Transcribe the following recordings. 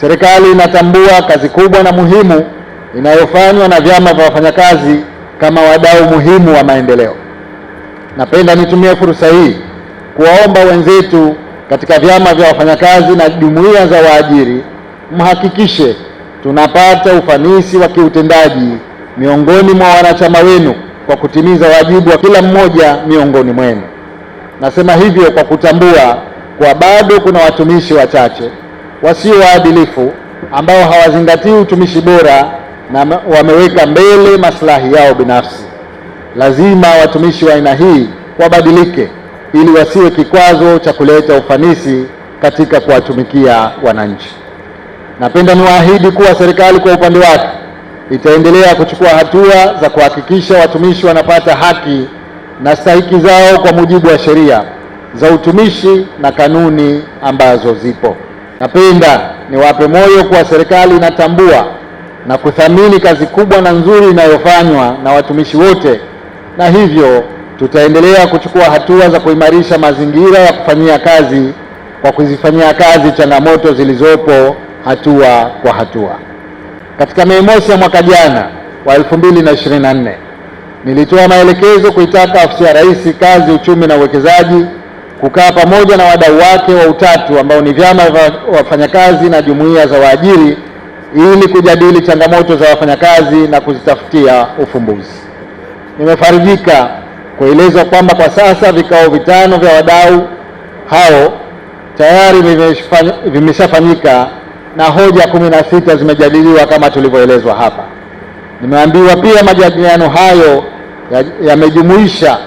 Serikali inatambua kazi kubwa na muhimu inayofanywa na vyama vya wafanyakazi kama wadau muhimu wa maendeleo. Napenda nitumie fursa hii kuwaomba wenzetu katika vyama vya wafanyakazi na jumuiya za waajiri, mhakikishe tunapata ufanisi wa kiutendaji miongoni mwa wanachama wenu kwa kutimiza wajibu wa kila mmoja miongoni mwenu. Nasema hivyo kwa kutambua kwa bado kuna watumishi wachache wasio waadilifu ambao hawazingatii utumishi bora na wameweka mbele maslahi yao binafsi. Lazima watumishi wa aina hii wabadilike ili wasiwe kikwazo cha kuleta ufanisi katika kuwatumikia wananchi. Napenda niwaahidi kuwa serikali kwa upande wake itaendelea kuchukua hatua za kuhakikisha watumishi wanapata haki na stahiki zao kwa mujibu wa sheria za utumishi na kanuni ambazo zipo. Napenda niwape moyo kuwa serikali inatambua na kuthamini kazi kubwa na nzuri inayofanywa na watumishi wote, na hivyo tutaendelea kuchukua hatua za kuimarisha mazingira ya kufanyia kazi kwa kuzifanyia kazi changamoto zilizopo hatua kwa hatua. Katika Mei Mosi ya mwaka jana wa 2024 nilitoa maelekezo kuitaka Ofisi ya Rais Kazi, Uchumi na Uwekezaji kukaa pamoja na wadau wake wa utatu ambao ni vyama vya wafanyakazi na jumuiya za waajiri ili kujadili changamoto za wafanyakazi na kuzitafutia ufumbuzi. Nimefarijika kueleza kwamba kwa sasa vikao vitano vya wadau hao tayari vimeshafanyika na hoja kumi na sita zimejadiliwa kama tulivyoelezwa hapa. Nimeambiwa pia majadiliano hayo yamejumuisha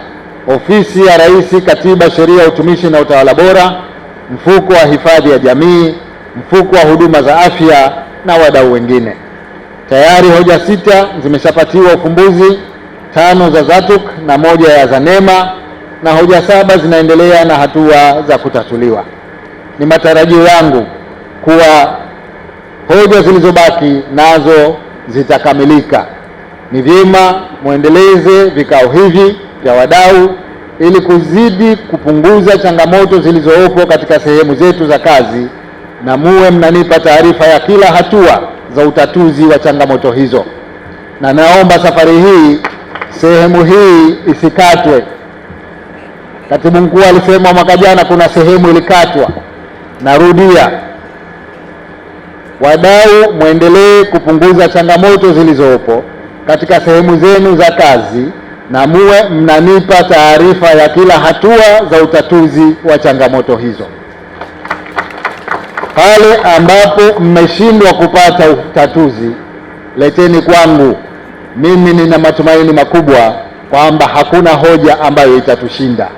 Ofisi ya Rais, Katiba, Sheria, Utumishi na Utawala Bora, mfuko wa hifadhi ya jamii, mfuko wa huduma za afya na wadau wengine. Tayari hoja sita zimeshapatiwa ufumbuzi, tano za ZATUK na moja ya ZANEMA na hoja saba zinaendelea na hatua za kutatuliwa. Ni matarajio yangu kuwa hoja zilizobaki nazo zitakamilika. Ni vyema muendeleze vikao hivi ya wadau ili kuzidi kupunguza changamoto zilizopo katika sehemu zetu za kazi, na muwe mnanipa taarifa ya kila hatua za utatuzi wa changamoto hizo, na naomba safari hii sehemu hii isikatwe. Katibu mkuu alisema mwaka jana kuna sehemu ilikatwa. Narudia, wadau, mwendelee kupunguza changamoto zilizopo katika sehemu zenu za kazi na muwe mnanipa taarifa ya kila hatua za utatuzi wa changamoto hizo. Pale ambapo mmeshindwa kupata utatuzi, leteni kwangu. Mimi nina matumaini makubwa kwamba hakuna hoja ambayo itatushinda,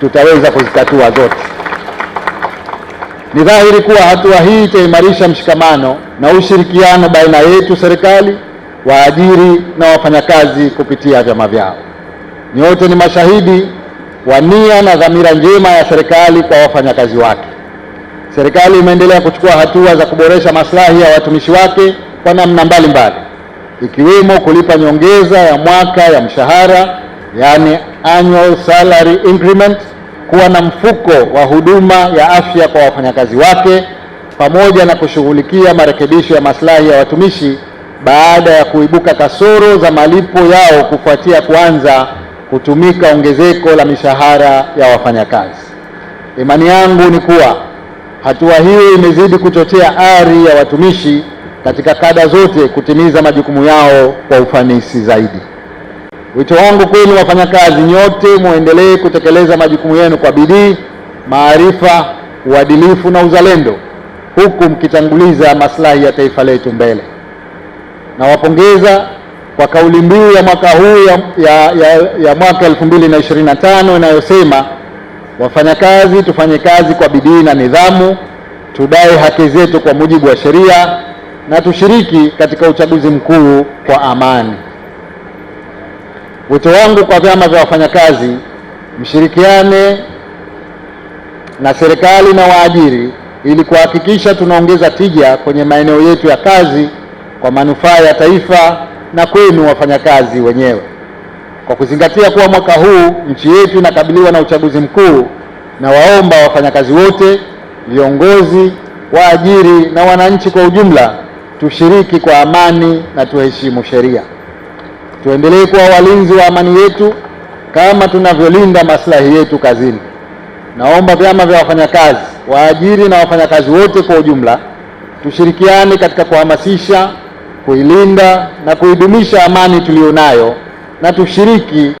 tutaweza kuzitatua zote. Ni dhahiri kuwa hatua hii itaimarisha mshikamano na ushirikiano baina yetu, serikali, waajiri na wafanyakazi kupitia vyama vyao nyote ni mashahidi wa nia na dhamira njema ya serikali kwa wafanyakazi wake. Serikali imeendelea kuchukua hatua za kuboresha maslahi ya watumishi wake kwa namna mbalimbali, ikiwemo kulipa nyongeza ya mwaka ya mshahara, yani annual salary increment, kuwa na mfuko wa huduma ya afya kwa wafanyakazi wake, pamoja na kushughulikia marekebisho ya maslahi ya watumishi baada ya kuibuka kasoro za malipo yao kufuatia kuanza kutumika ongezeko la mishahara ya wafanyakazi. Imani yangu ni kuwa hatua hiyo imezidi kuchochea ari ya watumishi katika kada zote kutimiza majukumu yao kwa ufanisi zaidi. Wito wangu kwenu wafanyakazi nyote, muendelee kutekeleza majukumu yenu kwa bidii, maarifa, uadilifu na uzalendo, huku mkitanguliza maslahi ya taifa letu mbele. Nawapongeza kwa kauli mbiu ya mwaka huu ya, ya, ya, ya mwaka 2025 inayosema wafanyakazi tufanye kazi kwa bidii na nidhamu, tudai haki zetu kwa mujibu wa sheria na tushiriki katika uchaguzi mkuu kwa amani. Wito wangu kwa vyama vya wafanyakazi, mshirikiane na serikali na waajiri ili kuhakikisha tunaongeza tija kwenye maeneo yetu ya kazi kwa manufaa ya taifa na kwenu wafanyakazi wenyewe. Kwa kuzingatia kuwa mwaka huu nchi yetu inakabiliwa na uchaguzi mkuu, na waomba wafanyakazi wote, viongozi, waajiri na wananchi kwa ujumla tushiriki kwa amani na tuheshimu sheria. Tuendelee kuwa walinzi wa amani yetu kama tunavyolinda maslahi yetu kazini. Naomba vyama vya wafanyakazi, waajiri na wafanyakazi wote kwa ujumla tushirikiane katika kuhamasisha kuilinda na kuidumisha amani tuliyonayo na tushiriki